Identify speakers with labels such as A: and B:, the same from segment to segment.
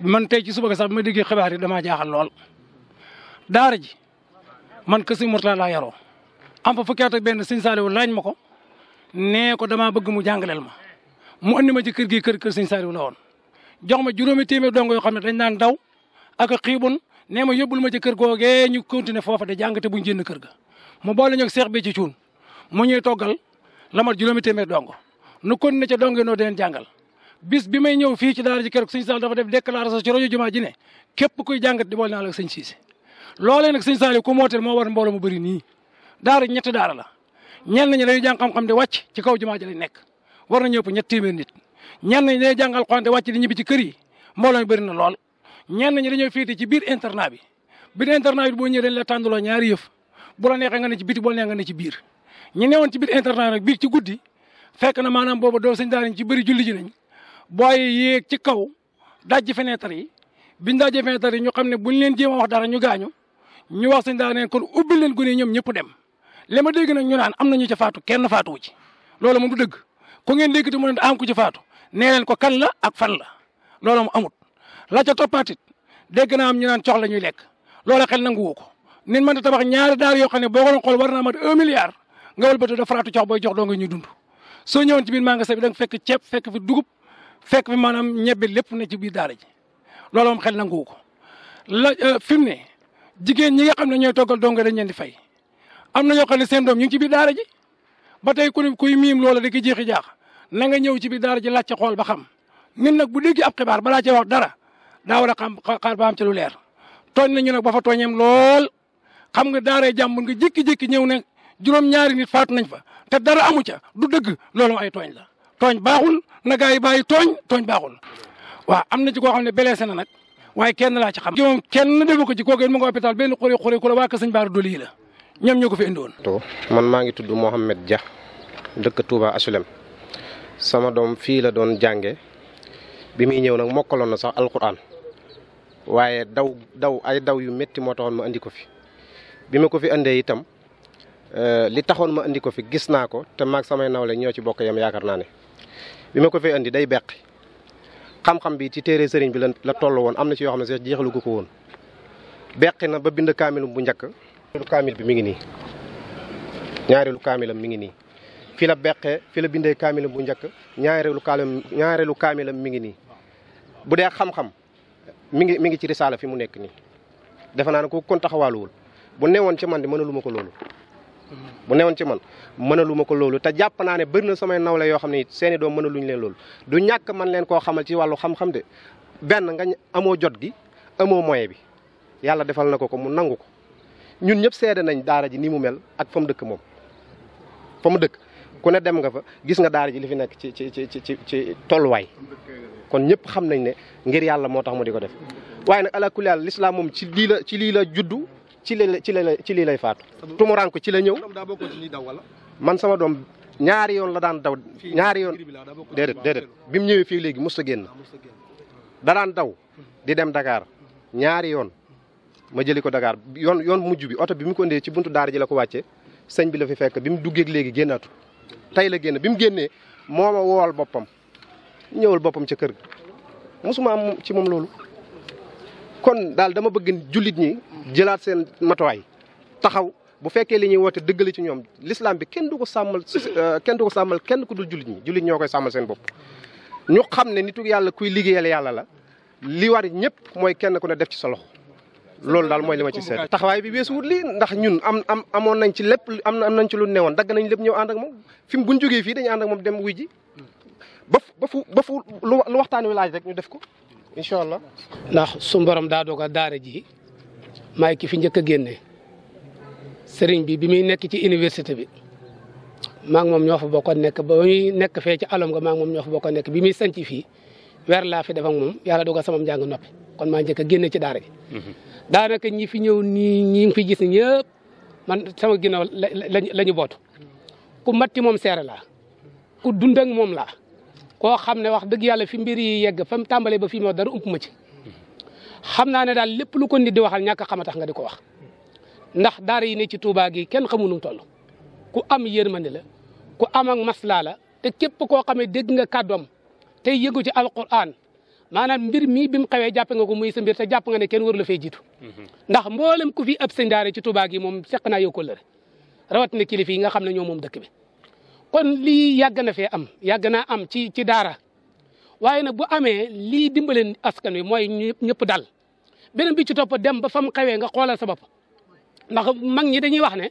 A: man tey ci suba ga sax bi ma déggee xibaar yi damaa jaaxal lool daara ji man kër sëñ Mourtala laa yaroo am fa fukki at ak benn sëñ Saliou laaj ma ko nee ko damaa bëgg mu jàngaleel ma mu andi ma ci kër gi kër kër sëñ Saliou la woon jox ma juróomi téeméer dong yoo xam ne dañ naan daw ak xiibun nee ma yóbbul ma ci kër googee ñu continuer foofa de jàngate buñ jënd kër ga mu boole ñoog seex bi ci cuun mu ñuy toggal la mat juróomi téeméer dong nu continuer ca dong noo deen jàngal bis bi may ñëw fii ci daara ji keroog sëñ Sall dafa def déclaration ci rajo jumaa ji ne képp kuy jàngat di boole naa la ak sëñ Cissé loolee nag sëñ ku mooteel moo war mbooloo mu bëri nii daara ñetti daara la ñenn ñi dañuy jàng xam-xam di wàcc ci kaw jumaa ji lañ nekk war na ñëw ñett téeméer nit ñenn ñi dañuy jàng alxuraan di wàcc di ñibbi ci kër yi mbooloo mi bëri na lool ñenn ñi dañoo féete ci biir internat bi biir internat bi boo ñëwee dañ tàndaloo ñaari yëf bu la neexee nga ne ci biti boo nga ne ci biir ñi newoon ci biir internat nag ci guddi fekk na maanaam boobu doo sëñ ci bëri julli ji nañ booy yéeg ci kaw dajji fenêtre yi biñ dajji fenêtre yi ñu xam ne buñ leen jéem a wax dara ñu gaañu ñu wax sëñ daara neen kon ubbi leen gune ñoom ñëpp dem li ma dégg nag ñu naan am na ñu ci faatu kenn faatuwu ci loolu moom dëgg ku ngeen dégg te mu ne am ku ci faatu nee ko kan la ak fan la loolu moom amut la ca toppaatit dégg naa am ñu naan cox la ñuy lekk loola xel nanguwu ko nit man da tabax ñaari daar yoo xam ne boo ko doon xool war naa mat un milliard nga wëlbatu da faratu soo ñëwoon ci biir magasin bi da nga fekk ceeb fekk fi dugub fekk fi maanaam ñebe lépp na ci biir daara ji loolu moom xel nanguwu ko la euh, fi mu ne jigéen ñi nga na ñooy toggal donga dañ leen di fay am na ñoo xam ne seen doom ñu ngi ci biir daara ji ba tey ku kuy miim loola di ko jeexi jaax na nga ñëw ci biir daara ji laajte xool ba xam ñun nag bu déggee ab xibaar ba balaa cee wax dara daa xam xaar ba am ca lu leer tooñ nañu nag ba fa tooñeem lool xam nga daaray jàmbur nga jékki-jékki ñëw ne juróom-ñaari nit faatu nañ fa te dara amu ca du dëgg loolu ay tooñ la. tooñ baaxul na gaa yi bàyyi tooñ tooñ baaxul waaw am na ci koo xam ne blessé na nag waaye kenn laa ci xam. moom kenn defu ko ci kooku it mu nga hôpital benn xure xure ku la waa Kër Sëñ Baara Doli yi la ñoom ñoo ko fi indiwoon.
B: man maa ngi tudd moo Mohamed Dia dëkk tuubaa Asulem sama doom fii la doon jànge bi muy ñëw nag mokkaloon na sax alquran waaye daw daw ay daw yu metti moo taxoon ma andi ko fi bi ma ko fi indee itam eh, li taxoon ma andi ko fi gis naa ko te maag samay nawle ñoo ci bokk yam yaakaar naa ne. bi ma ko fee andi day beqi xam-xam bi ci téere sëriñ bi la la toll woon am na ci yoo xam ne sax jeexalu ko woon beqi na ba bind kaamilum bu njëkk ñaareelu kaamil bi mi ngi nii ñaareelu kaamilam mi ngi nii fi la beqee fi la bindee kaamilam bu njëkk ñaareelu kaamilam ñaareelu kaamilam mi ngi nii bu dee xam-xam mi ngi mi ngi ci risaala fi mu nekk nii defe naa ne ku kon taxawaaluwul bu newoon ci man di luma ko loolu bu newoon ci man mënaluma ko loolu te jàpp naa ne bëri na samay nawle yoo xam ne it seeni doom mënaluñ leen loolu du ñàkk man leen koo xamal ci wàllu xam-xam de benn nga amoo jot gi amoo moyen bi yàlla defal na ko ko mu nangu ko ñun ñëpp seede nañ daara ji nii mu mel ak fa mu dëkk moom fa mu dëkk ku ne dem nga fa gis nga daara ji li fi nekk ci ci ci ci ci tolluwaay kon ñëpp xam nañ ne ngir yàlla moo tax mu di ko def waaye nag ala kulli lislaam moom ci lii la ci li ci li ci lii lay faatu. tumurank ci la ñëw. man sama doom ñaari yoon la daan daw ñaari yoon déedéet déedéet bi mu ñëwee fii léegi ah, mos a génn da daan daw di dem Dakar ñaari yoon ma jëli ko Dakar yoon yoon mujj bi oto bi mu kondee ci buntu daar ji la ko wàccee sëñ bi la fi fekk bi mu duggeeg léegi génnaatu tey la génn bi mu génnee moo ma wool boppam ñëwal boppam ca kër gi mosuma ci moom loolu kon daal dama bëgg jullit ñi jëlaat seen matuwaay taxaw bu fekkee li ñuy woote dëggali ci ñoom lislaam bi kenn du ko sàmmal euh, kenn du ko kenn ku dul jullit ñi jullit ñoo koy sàmmal seen bopp ñu xam ne nitu yàlla kuy liggéeyal yàlla la li war ñëpp mooy kenn ku ne def ci sa loolu daal mooy li ma ci seet taxawaay bi weesu wut lii ndax ñun am am nañ ci lépp am am nañ ci lu newoon dagg nañ lépp ñëw ànd ak moom fi mu buñ jógee fii dañu ànd moom dem wuy ji ba ba fu ba fu lu waxtaan wi laaj rek ñu def ko incha
C: allah ndax su borom daa doog a daara maay ki fi njëkk a génne sëriñ bi bi muy nekk ci université bi maa moom ñoo fa bokkoon nekk ba nekk fee ci alom nga ñoo fa nekk bi muy sanc fii weer laa fi def ak moom yàlla dogal sama njàng noppi kon maa njëkk a génne ci daara ji mhm. daanaka ñi fi ñëw nii ñi ngi fi gis ni man sama ginnaaw la ñu bootu ku matti moom seere laa ku dund ak moom laa koo xam ne wax dëgg yàlla fi mbir yi yegg fa mu ba fi moo dara ump ma ci xam naa ne daal lépp lu ko nit di waxal ñàkk xama tax nga di ko wax ndax daara yi ne ci Touba gi kenn xamu nu ku am yërmande la ku am ak maslaa la te képp koo xamee dégg nga kàddoom tey yëngu ci alquran maanaam mbir mii bi mu xewee jàppe nga ko muy sa mbir te jàpp nga ne kenn waru la fee jiitu mm-hmm. ndax mboolem ku fi ab sëñ ci Touba gi moom seq naa yow ko lëre rawatina kilifa yi nga xam ne ñoo moom dëkk bi kon lii yàgg na fee am yàgg naa am ci ci daara waaye nag bu amee lii dimbale askan wi mooy ñëpp dal beneen bi ci topp dem ba fa mu xewee nga xoolal sa bopp ndax mag ñi dañuy wax ne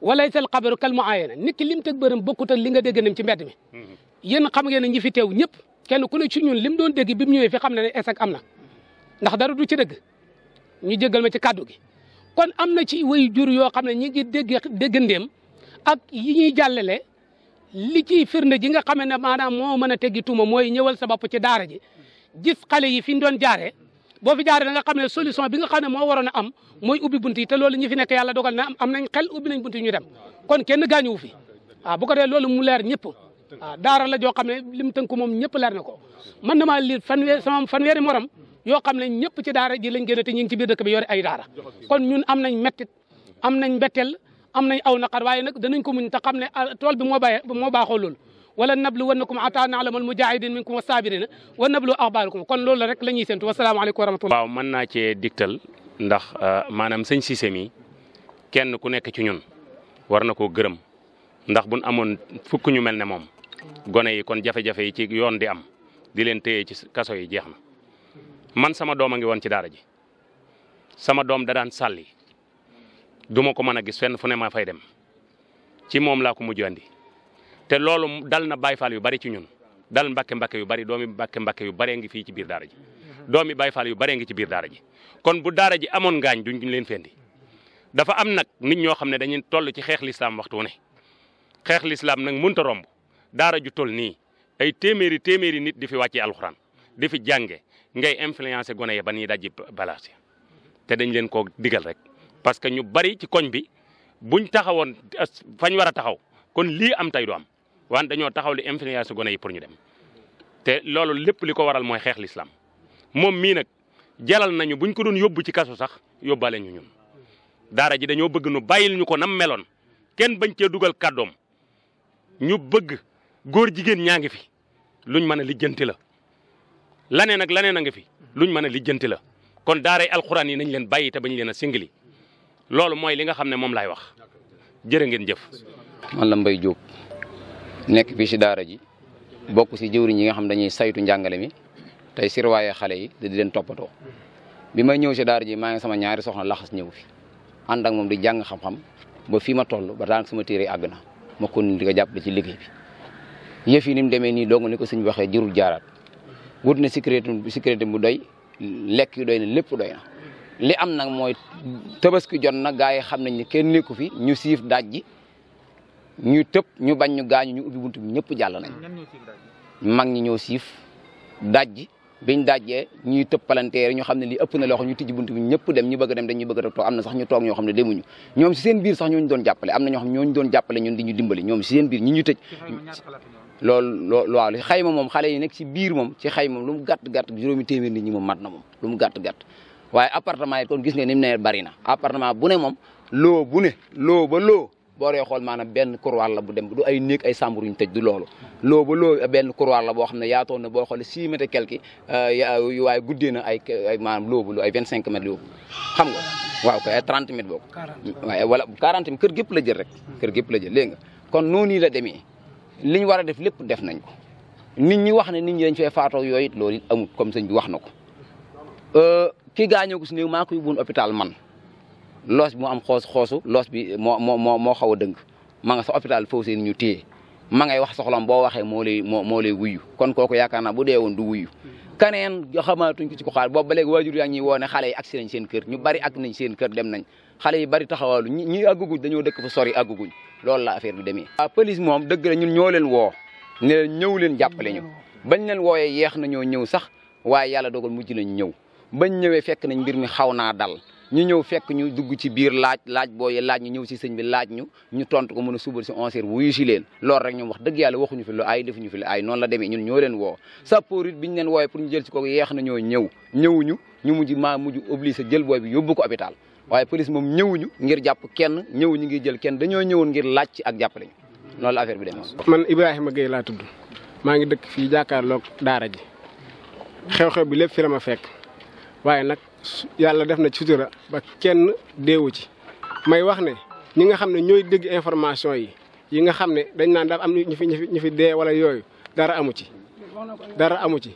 C: walaysa al xabaru kal muayana nit ki lim teg bërëm bokkut ak li nga dégg nem ci mbedd mi mm-hmm. yéen xam ngeen ne ñi fi teew ñëpp kenn ku ne ci ñun lim doon dégg bi mu ñëwee fi xam ne ne esek am na ndax dara du ci dëgg ñu jéggal ma ci kàddu gi kon am na ci way jur yoo xam ne ñi ngi dégg déggandeem ak yi ñuy jàllale li ciy firnde ji nga xamee ne maanaam moo mën a teggi tuuma mooy ñëwal sa bopp ci daara ji gis xale yi fi ñu doon jaaree boo fi jaaree da nga xam ne solution bi nga xam ne moo waroon a am mooy ubbi bunt yi te loolu ñi fi nekk yàlla dogal na am nañ xel ubbi nañ bunt ñu dem kon kenn gaañuwu fi waaw bu ko dee loolu mu leer ñëpp waaw daara la joo xam ne li mu tënku moom ñëpp leer na ko man damaa lii fanweer fan fanweeri morom yoo xam ne ñëpp ci daara ji lañ gën a ñu ngi ci biir dëkk bi yore ay daara kon ñun am nañ mettit am nañ mbetteel am nañ aw naqar waaye nag danañ ko muñ te xam ne ah, tool bu moo bàyyi moo baaxoo loolu wala nablu wannakum ata naalamal mujahidin minkum wasabirina wa nablu axbaarakum kon loolu rek la ñuy séntu
D: wasalaamaaleykum wa rahmatullah waaw man naa cee digtal ndax ah, maanaam sëñ Cissé mi kenn ku nekk ci ñun war na koo gërëm ndax bun amoon fukk ñu mel ne moom gone yi kon jafe-jafe yi ci yoon di am di leen téye ci kaso yi jeex na man sama doom a ngi woon ci daara ji sama doom da daan sàlli du duma ko mën a gis fenn fu ne maa fay dem ci moom laa ko mujj andi te loolu dal na Baay Faal yu bari ci ñun dal Mbàkke Mbàkke yu bari doomi Mbàkke Mbàkke yu baree ngi fii ci biir daara ji doomi Baay Faal yu baree ngi ci biir daara ji kon bu daara ji amoon ngaañ duñ leen fendi dafa am nag nit ñoo xam ne dañu toll ci xeex lislaam waxtu wu ne xeex lislaam nag mënta romb daara ju toll nii ay téeméeri téeméeri nit di fi wàccee alxuraan di fi jànge ngay influencer gone yi ba ñuy dajji balaas te dañ leen koo digal rek parce que ñu bari ci koñ bi bu buñ taxawoon fañ war a taxaw kon lii am tey du am waan dañoo taxaw li influence gone yi pour ñu dem te loolu lépp li ko waral mooy xeex lislaam moom mii nag jalal nañu buñ ko doon yóbbu ci kaso sax yóbbaale ñu ñun daara ji dañoo bëgg nu bàyyil ñu ko nam meloon kenn bañ cee dugal kàddoom ñu bëgg góor jigéen ñaa ngi fi luñ mën a lijjanti la laneen ak laneen a ngi fi lu ñu mën a lijjanti la kon daaray alxuraan yi nañ leen bàyyi te leen a singili loolu mooy li nga xam ne moom laay wax jërë ngeen jëf.
E: man la mbay Diop nekk fii si daara ji bokk si jëwriñ yi nga xam dañuy saytu njàngale mi tey sirwaaye xale yi di leen toppatoo bi may ñëw si daara ji maa ngi sama ñaari soxna laxas ñëw fi ànd ak moom di jàng xam-xam ba fii ma toll ba daanaka sama téere àgg na ma kon di ko jàppale ci liggéey bi yëf ni mu demee nii dong ni ko suñ waxee jurul jaaraat wut na sécurité sécurité bu doy lekk yi doy na lépp doy li am nag mooy tabaski jot na gaa yi xam nañ ne kenn nekku fi ñu siif daaj ji ñu tëb ñu bañ ñu gaañu ñu ubbi buntu bi ñëpp jàll ñu mag ñi ñoo siif daaj ji biñ dajjee ñuy tëb palanteer ñu xam ne lii ëpp na loxo ñu tijji buntu bi ñëpp dem ñu bëgg dem dañuy bëgg a toog am na sax ñu toog ñoo xam ne demuñu ñoom si seen biir sax ñooñu doon jàppale am na ñoo xam ñooñu doon jàppale ñu dimbali ñoom si seen biir ñi ñu tëj loolu loolu waaw xayma moom xale yi nekk si biir moom ci xayma moom lu mu gàtt gàtt juróomi téeméer nit ñi moom mat na moom lu mu gàtt gàtt waaye appartement yi kon gis nga ni ne bari na appartement bu ne moom loo bu loo ba loo boo dee xool maanaam benn couloir la bu dem du ay néeg ay sambur yuñ tëj du loolu loo ba loo benn couloir la boo xam ne yaatoon na boo xoolee six mètres quelque euh, waaye guddee na ay ay maanaam loo bu lu ay vingt cinq mètres yoobu xam nga waaw kay ay trente mètres boobu waaye wala quarante mètres kër gépp la jël rek hmm. kër gépp la jël léegi nga kon noonu la demee liñ war a def lépp def nañ ko nit ñi wax ne nit ñi faatoo yooyu it loolu comme sëñ bi wax na ko euh, kii gaañoo ko si néew yi ko yóbbuwoon hôpital man loos bi am xoos xoosu loos bi moo moo moo xaw a dëng ma nga sa hôpital foofu seen ñu téye ma ngay wax soxlam boo waxee moo lay moo moo lay kon kooku yaakaar naa bu dee woon du wuyu. kaneen xamaatuñ ko ci ko xaar boobu ba léegi waajur yaa ngi ñuy ne xale yi agsi nañ seen kër ñu bari ak nañ seen kër dem nañ xale yi bari taxawaalu ñi ñi àgguguñ dañoo dëkk fa sori àgguguñ loolu la affaire bi demee. waaw police moom dëgg la ñun ñoo leen woo ne leen ñëw ñu bañ leen wooyee yeex na ñëw sax waaye yàlla dogal mujj nañ ñëw bañ ñëwee fekk nañ mbir mi xaw naa dal ñu ñëw fekk ñu dugg ci biir laaj laaj booyee laaj ñu ñëw si sëñ bi laaj ñu ñu tont ko mën a subal si onze heures wuyu si leen loolu rek ñoom wax dëgg yàlla waxuñu fi lu ay defuñu fi lu ay noonu la demee ñun ñoo leen woo sappoor it biñ leen wooyee pour ñu jël si ko ñu mujj maa mujj obligé jël booy bi yóbbu ko hôpital waaye police moom ñëwuñu ngir jàpp kenn ñëwuñu ngir jël kenn dañoo ñëwoon ngir laaj ci ak jàppale ñu loolu affaire bi demoon man
B: Ibrahima Gueye laa tudd maa ngi dëkk fii jàkkaarloog daara ji xew-xew bi lépp la ma fekk waaye nag yàlla def na ci sutura ba kenn deewu ci may wax ne ñi nga xam ne ñooy dégg information yi yi nga xam ne dañ naan daal am ñu fi ñu fi dee wala yooyu dara amu ci dara amu ci